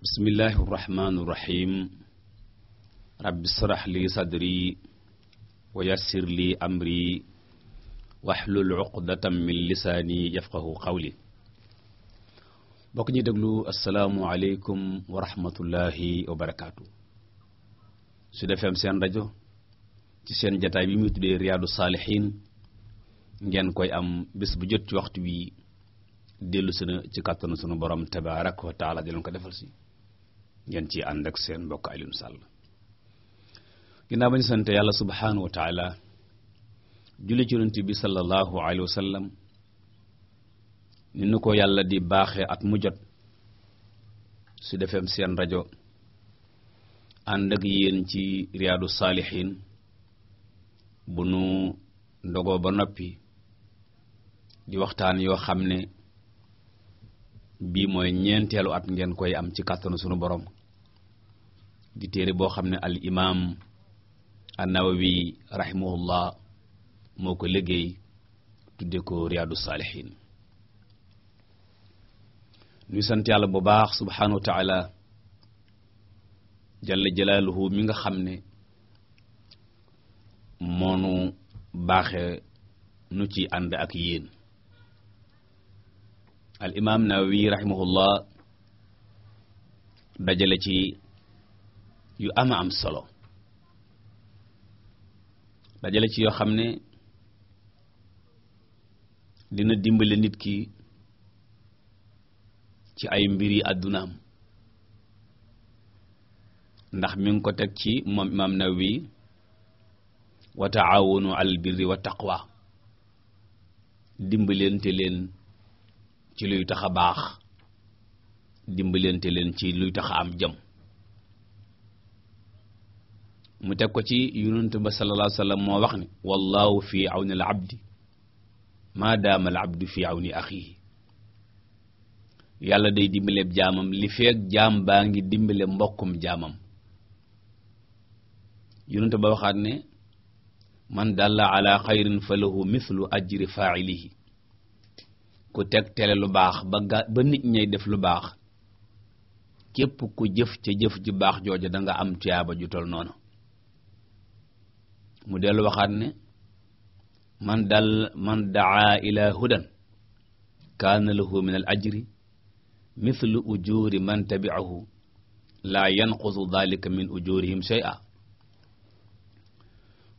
bismillahi irrahmani irrahim rabbi srah li sadri wa yassir li amri waxlul uqdatam min lisaani yafqahu qawli bokk ñuy deglu asalaamu aleykum wa rahmatullahi su defee seen rajo ci seen jataay bi muy tuddee riyaadu saalixiin ngeen koy am bés bu jot ci waxtu wi dellu sina ci kàttanu sunu borom tabaaraka wa taala di ko defal si ngeen ci ànd seen mbokk Alioune Sall ginnaaw bañ sant yàlla subhaanahu wa taala julli ci yonent bi sallallahu alayhi wa sallam ni nu ko yàlla di baaxe at mu jot su defeem seen rajo ànd ak yéen ci riyaadu saalihiin bu nu ndogoo ba noppi di waxtaan yoo xam ne bii mooy ñeenteelu at ngeen koy am ci kàttanu sunu borom di téere boo xam ne al imaam an-Nawawi rahimahullah moo ko liggéey tudde ko riyaadu saalihiin nuy sant yàlla bu baax subhaanahu wa taala jalla jalaaluhu mi nga xam ne moonu baaxe nu ci ànd ak yéen al imaam Nawawi rahimahullah dajale ci yu ama am solo dajale ci yoo xam ne dina dimbale nit ki ci ay mbir yi àddunaam ndax mi ngi ko teg ci moom imaam Nawawi wa taawunu alal birri wa taqwa dimbalante leen ci luy tax baax dimbalante leen ci luy tax am jëm mu teg ko ci yonent ba sallallahu alayhi moo wax ni wallahu fi awni al abdi ma daama al fi awni axihi yàlla day dimbale jaamam li feeg jaam baa ngi dimbale mbokkum jaamam yonent ba waxaat ne man dalla ala xayrin fa lahu mithlu ajri failihi ku teg tele lu baax ba ga ba nit ñay def lu baax képp ku jëf ca jëf ju baax jooja danga am tuyaaba ju tol noonu mu dellu waxaat ne man dal man daa ila hudan kaana lahu min al ajri mithlu ujuri man tabi'ahu la yanqusu dhalika min ujurihim shay'a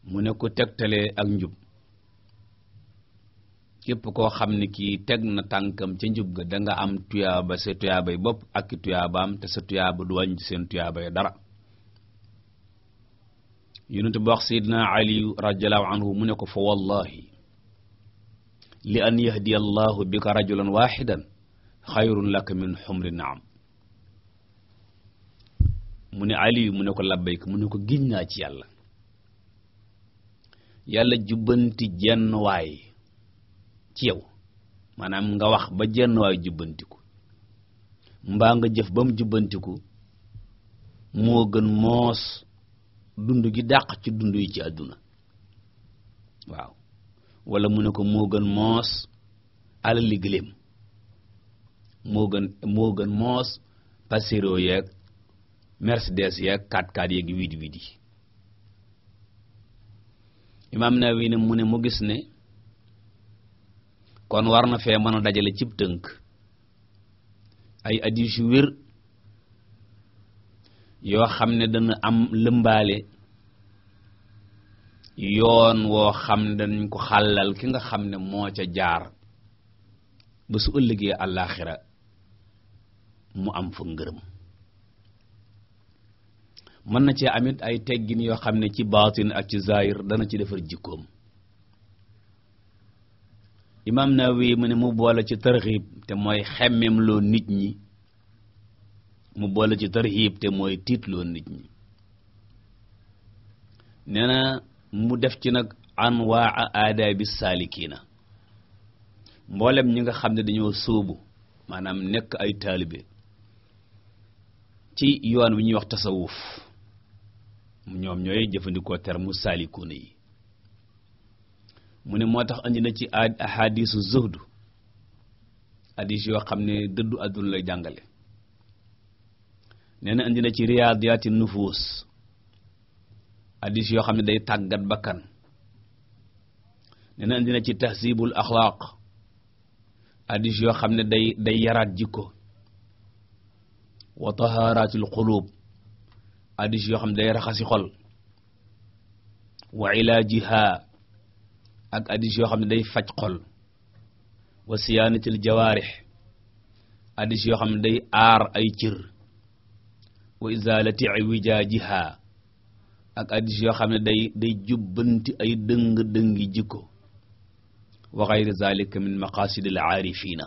mu ne ko tegtale ak njub képp koo xam ne kii teg na tànkam ca njub ga danga nga am tuyaaba sa tuyaabay bopp ak i tuyaabaam te sa tuyaaba du wàññi seen tuyaabay dara yonente ba wax sayidna ali radiallahu anhu mu ne ko fa wallahi li an yahdiya allahu bika rajulan waxidan xayrun laka min xumri naam mu ne ali mu ne ko labbayk mu ne ko giñ naa ci yàlla yàlla jubbanti jenn waay ci yow maanaam nga wax ba jenn waay jubbantiku mbaa nga jëf ba mu jubbantiku moo gën moos dund gi dàq ci dund yi ci àdduna waaw wala mu ne ko moo gën moos alali gëléem moo gën moos pasero yeeg mercedes yeeg 4x4 yeeg widi widi imaam Nawawi ne mu ne mu gis ne kon war na fee mën a dajale cib tënk ay addis wér yoo xam ne dana am lëmbaale yoon woo xam ne danañ ko xàllal ki nga xam ne moo ca jaar ba su ëllëgee àllaaxira mu am fa ngërëm mën na cee amit ay teggin yoo xam ne ci baatin ak ci zaahir dana ci defar jikkoom imaam Nawawi mu ne mu boole ci tarxiib te mooy xemmem loo nit ñi mu boole ci tarhiib te mooy tiitloo nit ñi nee na mu def ci nag anwaa aadaabi saalikiina mboolem ñi nga xam ne dañoo sóobu maanaam nekk ay taalibe ci yoon wi ñuy wax tasawuf ñoom ñooy jëfandikoo termu saalikuuna yi mu ne moo tax andi na ci ahadisu zuhdu hadis yoo xam ne dëddu àdduna lay jàngale neena na na ci riyaadiyaati nufuus hadis yoo xam ne day tàggat bakkan nee na na ci tahsibul axlaaq hadis yoo xam ne day day yaraat jikko wa tahaaratil quluub hadis yoo xam ne day raxasi xol wa ilaajiha ak hadis yoo xam ne day faj xol wa siyaanatil jawaarix hadis yoo xam ne day aar ay cër wa izalati wijaajiha ak addis yoo xam ne day day jubbanti ay dëng-dëngi jikko wa ghayri zalika min maqasidil aarifina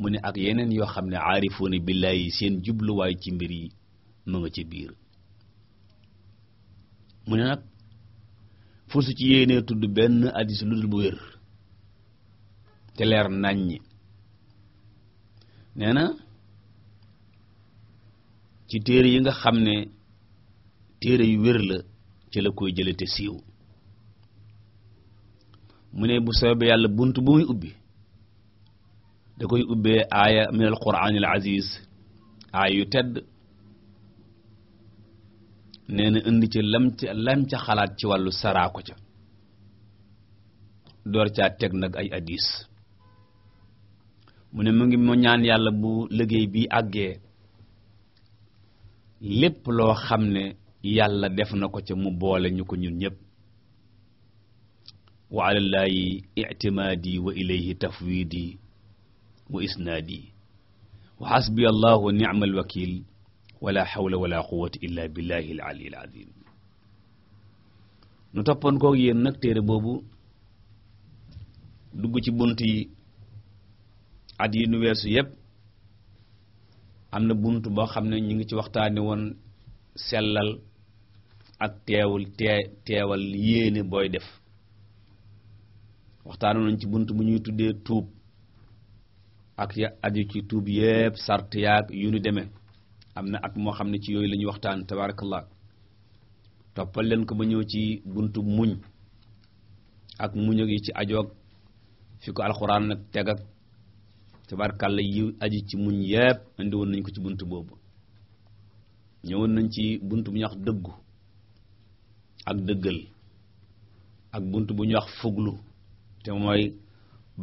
mu ne ak yeneen yoo xam ne aarifuuna billahi seen jubluwaay ci mbir yi mu nga ci biir mu ne nag fu su ci yéenee tudd benn addis lu dul bu wér te leer naññi nee ci téere yi nga xam ne téere yu wér la ci la koy jële te siiw mu ne bu sabab yàlla bunt bu muy ubbi da koy ubbee aaya min al aziz aaya yu tedd nee na indi ca lam ca lam ca xalaat ci wàllu saraa ko ca door caa teg nag ay addis mu ne mu ngi mu ñaan yàlla bu liggéey bi àggee lépp loo xam ne yàlla def na ko ca mu boole ñu ko ñun ñëpp wa alallaahi ictimaadi wa ilayhi tafwidi wa isnaadi wa xasbi allahu wa nicma alwakil wala xawla la quwata illa billahi alali alazim nu toppoon koog yéen nag téere boobu dugg ci bunt yi at yi nu weesu yépp am na bunt boo xam ne ñu ngi ci waxtaane woon sellal ak teewul tee teewal yéene booy def waxtaane nañ ci bunt bu ñuy tuddee tuub ak ya aju ci tuub yépp sart yaag yu ñu demee am na at moo xam ne ci yooyu lañuy ñuy waxtaan tabarakallah toppal leen ko ba ñëw ci buntu muñ ak muñ ak yi ci ajoog fi ko alxuraan nag teg ak tabarkàlla yi aju ci muñ yépp indiwoon nañ ko ci bunt boobu ñëwoon nañ ci bunt bu ñuy wax dëggu ak dëggal ak bunt bu ñuy wax fuglu te mooy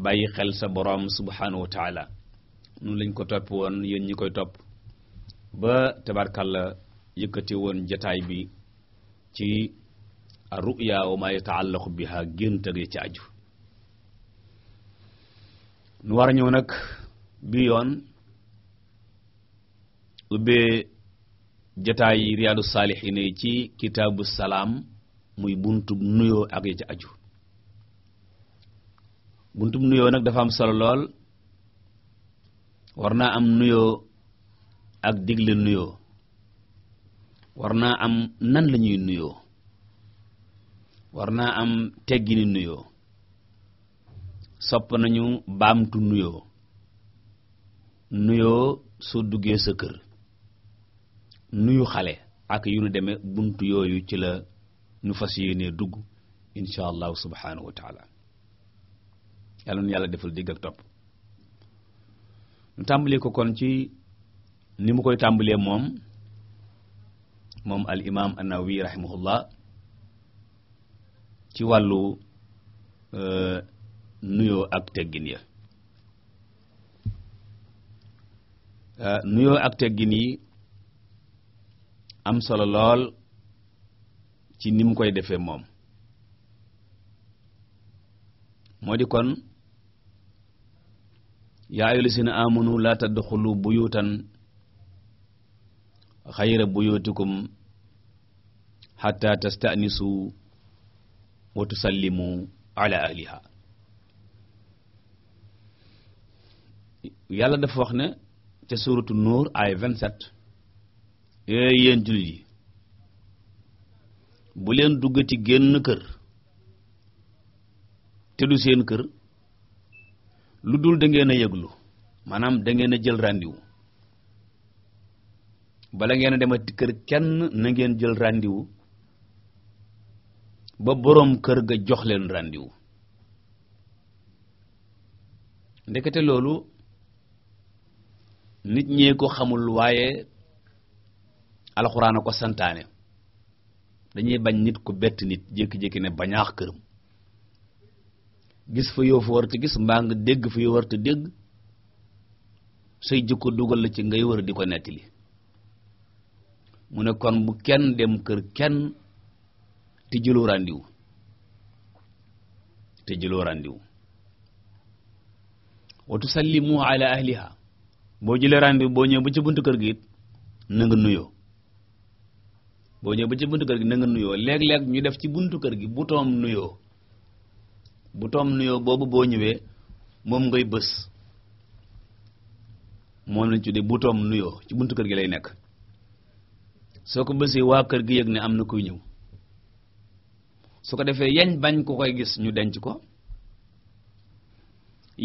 bàyyi xel sa boroom subhanahu wa taala lañ ko topp woon yéen ñi koy topp ba tabarkàlla yëkkati woon jataay bi ci ar-ru'ya wa ma yataallaqu biha gént ak ci aju nu war a ñëw nag bi yoon ubbee jataay riyaadu saalixiin yi ci kitaabu salaam muy buntu nuyoo ak ya aju buntu nuyoo nag dafa am solo lool war naa am nuyoo ak digle nuyoo war naa am nan lañuy nuyoo war naa am teggini nuyoo sopp nañu baamtu nuyoo nuyoo soo duggee sa kër nuyu xale ak yu nu demee buntu yooyu ci la nu fas yéenee dugg incha allahu subhanahu wa yàlla nu yàlla defal digg ak topp nu tàmbalee ko kon ci ni mu koy tàmbalee moom moom al imaam an-Nawawi rahimahullah ci wàllu euh, nuyoo ak teggin ya Euh, nuyoo ak teggin yi am solo lool ci nim koy defee moom moo di kon yaa ayyuhal lazina amanu laa tadxulu buyutan xayra buyutikum xatta tastanisu wa tusallimu ala yàlla dafa wax ne ca suuratu nuur ay 27 yooyu yéen jullit yi bu leen duggati génn kër te du seen kër lu dul da ngeen a yëglu maanaam da ngeen a jël rendez bala ngeen a demati kër kenn na ngeen jël rendez ba boroom kër ga jox leen rendez ndekete loolu nit ñee ko xamul waaye alxuraan a ko santaane dañuy bañ nit ku bett nit jékki-jékki ne bañaax këram gis fa yoo fa war te gis mbaa nga dégg fa yoo war te dégg say jikko dugal la ci ngay wër di ko nettali mu ne kon bu kenn dem kër kenn te jëloo te jëloo ràndiw wa tusallimu ala boo jëlee raam bi boo ñëwee ba ci buntu kër gi nanga nuyoo boo ñëwee ba ci buntu kër gi na nuyoo léeg-léeg ñu def ci buntu kër gi butoom nuyoo butoom nuyoo boobu boo ñëwee moom ngay bës moom lañ tuddee butoom nuyoo ci buntu kër gi lay nekk soo ko bësee waa kër gi yëg ne am na koy ñëw su ko defee yañ bañ ku koy gis ñu denc ko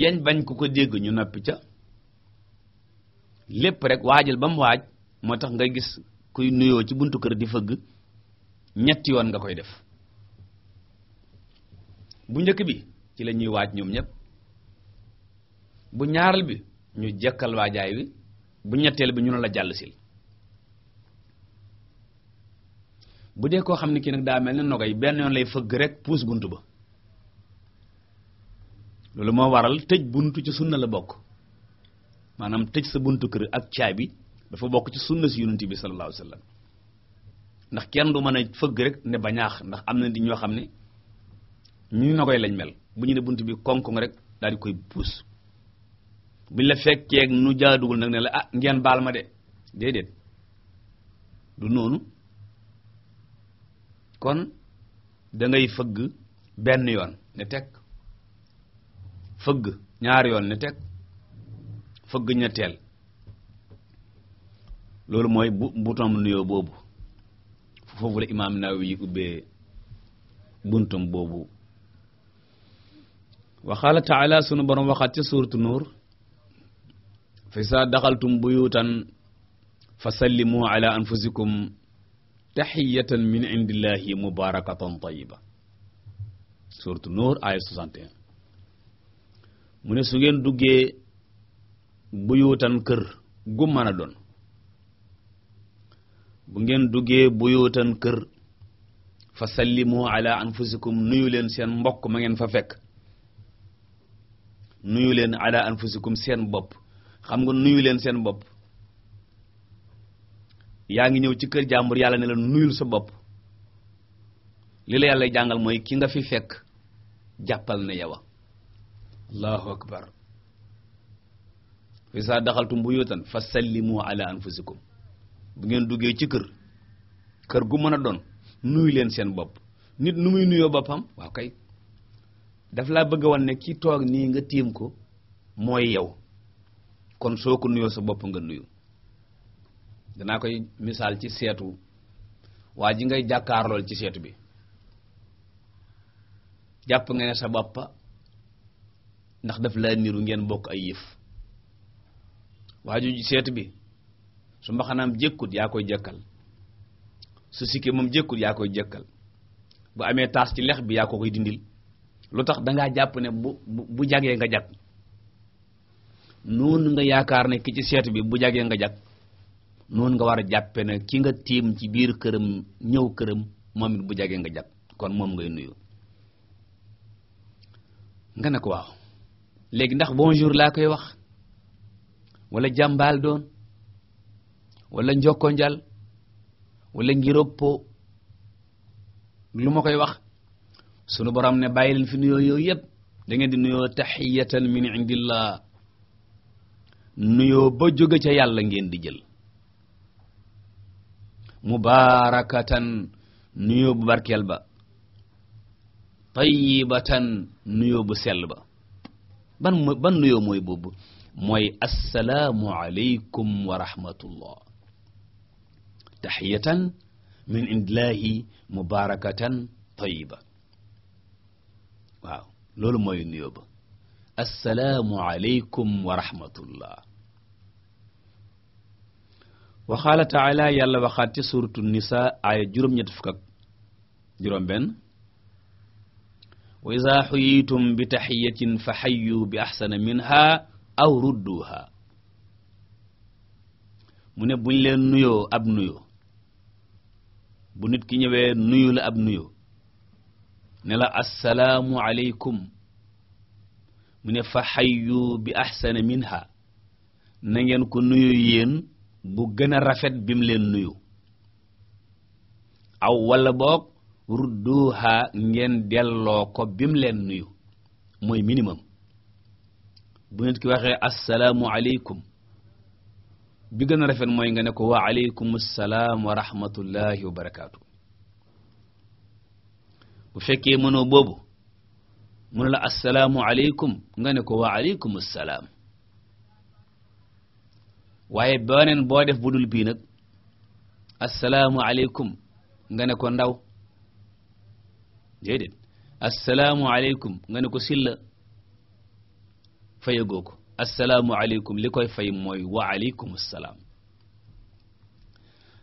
yañ bañ ku ko dégg ñu noppi ca lépp rek waajal ba mu waaj moo tax nga gis kuy nuyoo ci buntu kër di fëgg ñetti yoon nga koy def bu njëkk bi ci la ñuy waaj ñoom ñëpp bu ñaaral bi ñu jekkal waajaay wi bu ñetteel bi ñu ne la jàll sil bu dee koo xam ne kii nag daa mel ne nogay benn yoon lay fëgg rek puus bunt ba loolu moo waral tëj bunt ci sunna la bokk maanaam tëj sa buntu kër ak bi dafa bokk ci sunna si yonent bi sallallahu alayhi ndax kenn du mën a fëgg rek ne bañaax ndax am na di ñoo xam ne ñu na koy lañ mel bu ñu ne bunt bi koŋ-koŋ rek daal di koy puus bi la fekkee nu jaadugul nag ne la ah ngeen baal ma de déedéet du noonu kon da fëgg benn yoon ne teg fëgg ñaari yoon ne teg fëgg ñetteel loolu mooy bu butam nuyoo boobu foofu la imaam Nawawi yi ubbee buntum boobu wa qaala taala sunu borom waxaat ci suuratu nuur fi saa daxaltum buyutan fa sallimu anfusikum taxiyatan min indillahi duggee buyuutan kër gu mën a doon bu ngeen duggee buyuutan kër fa sallimu ala anfusikum nuyu leen seen mbokk ma ngeen fa fekk nuyu leen ala anfusikum seen bopp xam nga nuyu leen seen bopp yaa ngi ñëw ci kër jàmbur yàlla ne la nuyul sa bopp li la yàlla jàngal mooy ki nga fi fekk jàppal na yow allahu akbar fa izaa daxaltum buyuutan fa sallimu ala anfusikum bu ngeen duggee ci kër kër gu mën a doon nuyu leen seen bopp nit nu muy nuyoo boppam waaw kay daf laa bëgg a wan ne ki toog nii nga tiim ko mooy yow kon soo ko nuyoo sa bopp nga nuyu danaa koy misaal ci seetu waa ji ngay jàkkaarlool ci seetu bi jàpp nga ne sa boppa ndax daf laa niru ngeen bokk ay yëf waa waaju seet bi su mbaxanaam jëkkut yaa koy jëkkal su sikkee moom jëkkut yaa koy jëkkal bu amee taas ci lex bi yaa ko koy dindil lu tax dangaa jàpp ne bu bu jagee nga jag noonu nga yaakaar ne ki ci seet bi bu jagee nga jag noonu nga war a jàppe ne ki nga tiim ci biir këram ñëw këram moom it bu jagee nga jag kon moom ngay nuyu nga ne ko waaw léegi ndax bonjour laa koy wax wala jàmbaal doon wala njokkonjal walla ngiroppo lu ma koy wax sunu borom ne bàyyi leen fi nuyoo yooyu yëpp da ngeen di nuyoo taxiyatan min indillah nuyoo ba jóge ca yàlla ngeen di jël mubaarakatan nuyoo bu barkeel ba tayyibatan nuyoo bu sell ba ban ban nuyoo mooy boobu mooy assalaamu aleykum wa rahmatullah taxiyatan min indillahi mubarakatan tayiba waaw loolu mooy nuyoo ba assalaamu aleykum wa rahmatullah wa qaala taala yàlla waxaat ci suratu nisa aaya juróom-ñett fukk ak juróom benn wa iza xuyitum bi taxiyatin fa xayu bi axsana minha aw rudduha mu ne buñ leen nuyoo ab nuyoo bu nit ki ñëwee nuyu la ab nuyoo ne la assalaamu aleykum mu ne fa xayyu bi ahsana minha na ngeen ko nuyu yéen bu gën a rafet bim leen nuyu aw wala boog rudduha ngeen delloo ko bi mu leen nuyu mooy minimum bu nit ki waxee assalaamu aleykum bi gën a rafet mooy nga ne ko wa aleykum salaam wa rahmatullahi wa barakaatu bu fekkee mënoo boobu mënu la assalaamu aleykum nga ne ko wa aleykum salaam waaye beneen boo def bu dul bii nag assalaamu aleykum nga ne ko ndaw déedéet assalaamu aleykum nga ne ko silla fayagoo ko asalaamualeykum li koy fay mooy waaleykum salaam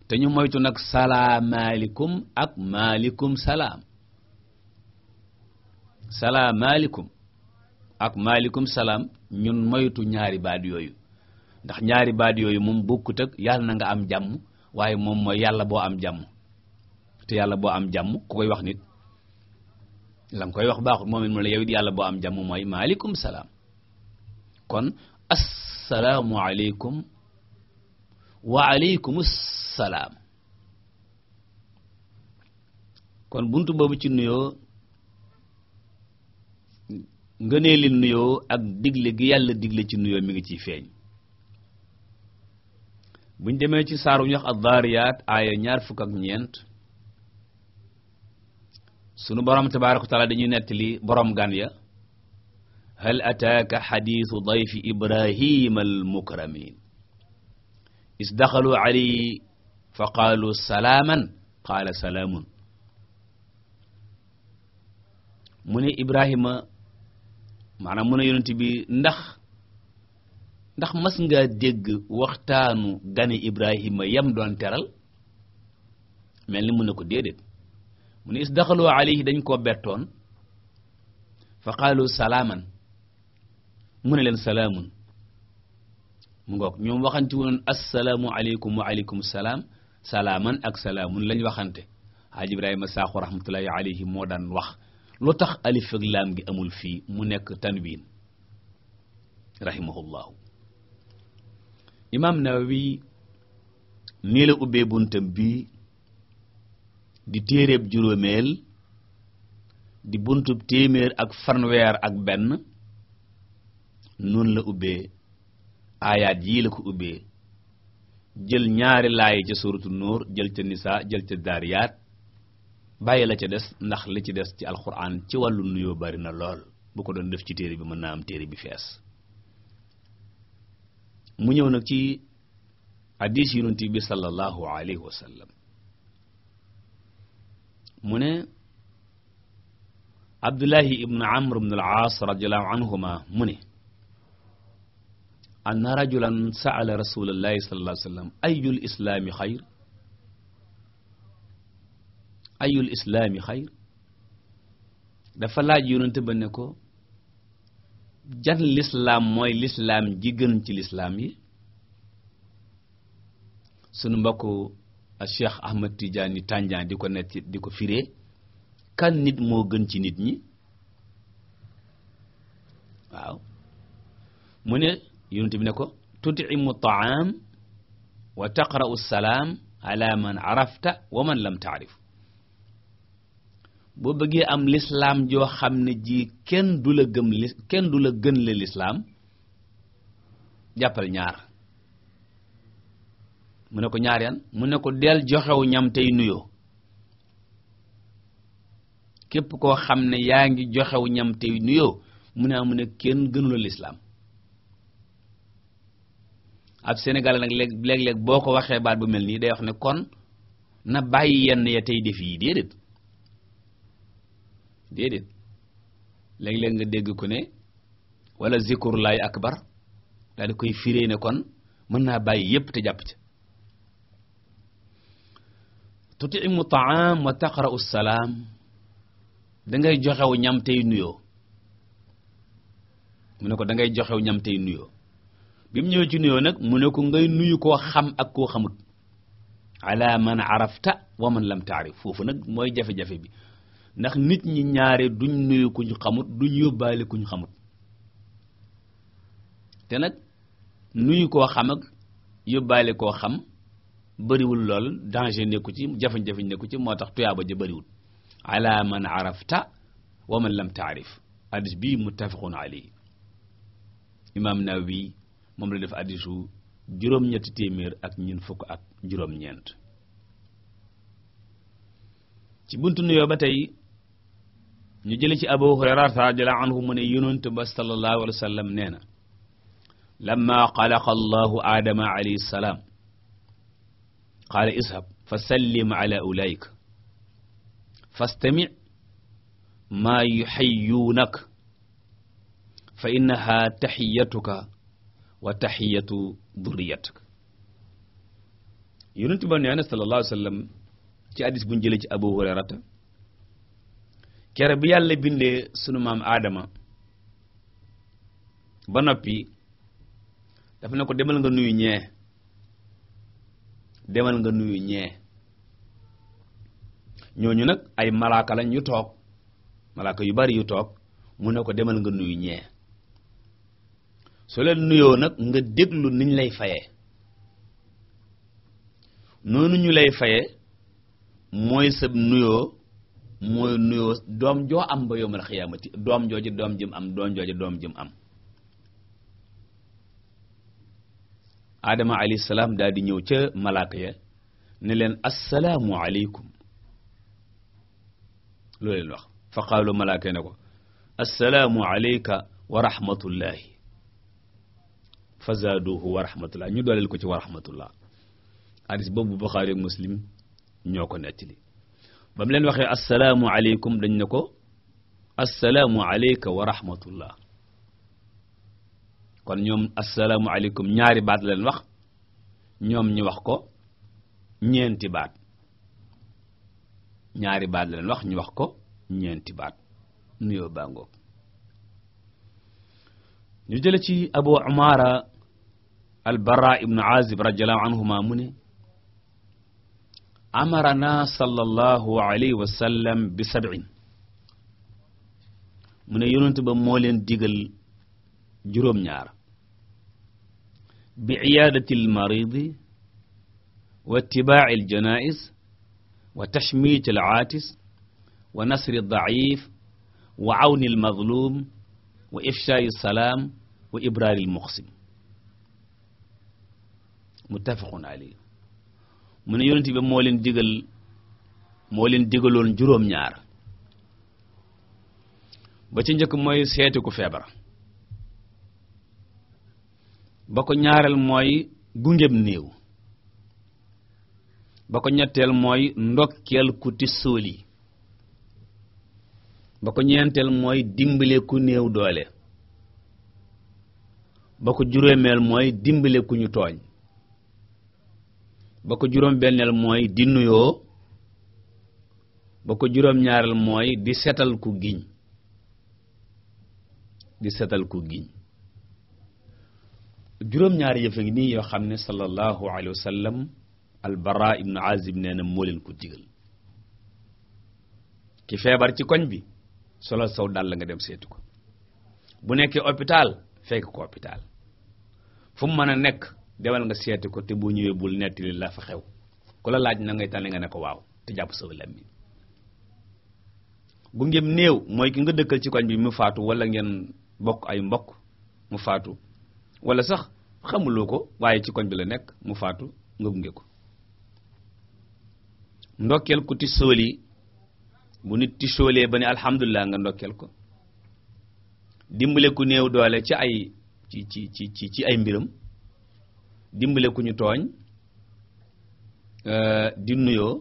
te ñu moytu nag salaamaaleykum ak maaleykum salaam salaamaaleykum ak maalikum salaam ñun moytu ñaari baat yooyu ndax ñaari baat yooyu moom bokkut ak yàlla na nga am jàmm waaye moom mooy yàlla boo am jàmm te yàlla boo am jàmm ku koy wax nit la koy wax baaxut moom it mu la yow yàlla boo am jàmm mooy maaleykum salaam. kon assalaamu aleykum wa aleykum kon bunt boobu ci nuyoo ngënee li nuyoo ak digle gi yàlla digle ci nuyoo mi ngi ciy feeñ buñ demee ci saaru ñu wax ad-Daariyaat aaya ñaar fukk ak ñeent sunu borom tabaaraka wa taala dañuy nettali borom gan ya hal ataaka xadiisu dayfi ibrahima almukramin isdaxalu alayhi fa qaalu salaaman qaala salaamun mu ne ibrahima maanaam mu ne yonent bi ndax ndax mas ngaa dégg waxtaanu gane ibrahima yam doon teral mel ni mu ne ko déedéet mu ne isdaxalu alayhi dañ koo bettoon fa qaalu salaaman mu ne leen salaamun mu ngoog ñoom woon assalaamu aleykum wa aleykum salaam ak salaamun lañ waxante haaj ibrahima saaxu moo daan wax lu tax alif amul fii mu nekk tanwiin rahimahullahu imaam nawawi nii la ubbee buntam bii di téeréeb juróomeel di buntub téeméer ak fanweer ak benn noonu la ubbee aayaat yii la ko ubbee jël ñaari laay ca suratu nuur jël ca nisaa jël ca daariyaat bàyyi la ca des ndax li ci des ci alxuraan ci wàllu nuyoo bari na lool bu ko doon def ci téere bi mën naa am téere bi fees mu ñëw nag ci hadiis yonent bi sallallahu alayhi wa sallam mu ne Abdullahi ibn Amr ibn al-Aas radiyallahu anhuma mu ne anna rajulan sa'ala rasulallahi sallallahu ayul islaami xayr ayul islaami xayr dafa laaj yonente ba ne ko jan lislaam mooy lislaam ji gën ci lislaam yi sunu mbokku Cheikh Ahmad Tidiane Tandian di ko net di ko firee kan nit moo gën ci nit ñi waaw mu ne yonent bi ne ko tut'imu ta'am wa taqra'u salaam ala man arafta wa man lam ta'rif boo bëggee am lislaam joo xam ne ji kenn du la gëm kenn du la gën lislaam jàppal ñaar mu ne ko ñaar yan mu ne ko del joxewu ñam tey nuyoo képp koo xam ne yaa ngi joxewu ñam tey nuyoo mu ne ah, mu ne kenn gënula lislaam ab sénégalais nag léeg-léeg boo ko waxee baat bu mel nii day wax ne kon na bàyyi yenn ya tey def yi déedéet déedéet léeg-léeg nga dégg ko ne walla zikur laay akbar daal di koy firee ne kon mën naa bàyyi yépp te jàpp ci tutimu taam wa taqra'u salaam dangay joxew ñam tey nuyoo mu ne ko dangay joxew ñam tey nuyoo bi mu ñëwee ci nuyoo nag mu ne ko ngay nuyu koo xam ak koo xamut ala man arafta wa man lam taarif foofu nag mooy jafe bi ndax nit ñi ñaare duñ xamut duñ yóbbaale ñu xamut te nag nuyu koo xam ak yóbbaale koo xam bëriwul lool danger nekku ci jafe-jafe nekku ci moo tax tuyaaba ja bëriwul ala man arafta wa man lam taarif hadis bii muttafaqun alayhi imaam Nawawi moom la def addisu juróom-ñetti téeméer ak ñun fukk ak juróom-ñeent ci buntu nuyoo ba tey ñu jële ci abu hurayra radiyallahu anhu mu ne yonent ba sallallahu alayhi wa sallam nee na lamma xalaqa allahu aadama alayhi salaam qaala ishab fa sallim ala ulayka fastami fa innaha taxiyatuka wa taxiyatu durriyatik yonent ba nee na sallallahu alayhi wa sallam ci hadis bu ñu jëlee ci abu hurayrata kere bu yàlla bindee sunu maam aadama ba noppi dafa ne ko demal nga nuyu ñee demal nga nuyu ñee ñooñu nag ay malaaka lañ yu toog malaaka yu bari yu toog mu ne ko demal nga nuyu ñee su leen nuyoo nag nga déglu niñ lay fayee noonu ñu lay fayee mooy sab nuyoo mooy nuyoo doom joo am ba yowmal xiyaamati doom jooju doom jëm am doom jooju doom jëm am aadama alayhi salaam daal di ñëw ca malaaka ya ne leen assalaamu aleykum loolu leen wax fa qaalu malaaka ya ne ko assalaamu aleyka wa fazaaduhu wa rahmatullah ñu dooleel ko ci wa rahmatullah hadis boobu Buxaari Muslim ñoo ko nettali ba mu leen waxee assalaamu aleykum dañ ne ko assalaamu aleyka wa rahmatullah kon ñoom assalaamu aleykum ñaari baat leen wax ñoom ñu wax ko ñeenti baat ñaari baat leen wax ñu wax ko ñeenti baat nu baa ngoog ñu jële ci Abu Umaara albara ibnu azib radiallahu anhuma mu ne amarana sallallahu alayhi wa sallam bi sab'in mu ne yonent ba moo leen digal juróom-ñaar bi iyadati almaridi wa ittibaci aljanais wa tashmit alaatis wa nasri aldaif wa awni almazlum wa ifshaa'i alsalaam wa ibraari almuqsim muttafaqun alayhi mu ne yonent bi moo leen digal moo leen digaloon juróom-ñaar ba ci njëkk mooy seeti ku feebar ba ko ñaareel mooy gungeb néew ba ko ñetteel mooy ndokkeel ku tisóoli ba ko ñeenteel mooy dimbale ku néew doole ba ko juróomeel mooy dimbale ku ñu tooñ ba ko juróom-benneel mooy di nuyoo ba ko juróom-ñaareel mooy di seetal ku giñ di setal ku giñ juróom-ñaar yëf ngi nii yoo xam ne sallallahu alayhi wa sallam albara ibnu azib nee na moo leen ko digal ki feebar ci koñ bi solal saw dàll nga dem seetu ko bu nekkee hôpital fekk ko hôpital fu mën a nekk demal nga seeti ko te boo ñëwee bul nettali la fa xew ku la laaj na ngay tànn nga ne ko waaw te jàpp sa bi bu ngeen néew mooy ki nga dëkkal ci koñ bi mu faatu wala ngeen bokk ay mbokk mu faatu wala sax xamuloo ko waaye ci koñ bi la nekk mu faatu nga gunge ko ndokkeel ku tisool yi bu nit tisoolee ba ne alhamdulilah nga ndokkeel ko dimbale ku néew doole ci ay ci ci ci ci ay mbiram dimbale ku ñu tooñ euh, di nuyoo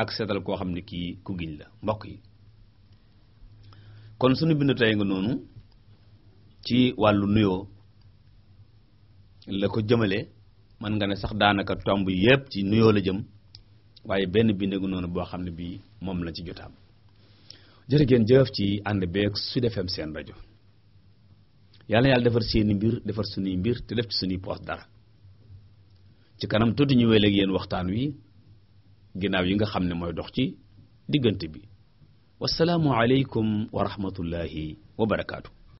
ak seetal koo xam ne kii ku giñ la mbokk yi kon sunu bindu tey nga noonu ci wàllu nuyoo la ko jëmale mën nga ne sax daanaka tomb yépp ci nuyoo la jëm waaye benn bind nga noonu boo xam ne bii moom la ci jotaam jërë ngeen jëf ci ànd beeg Sud FM seen rajo yàlla yàlla defar seeni mbir defar sunuy mbir te def ci sunuy poos dara ci kanam tuuti ñu wéyal ak yéen waxtaan wi ginnaaw yi nga xam ne mooy dox ci diggante bi wasalaamu aleykum wa rahmatullahi wa barakaatu.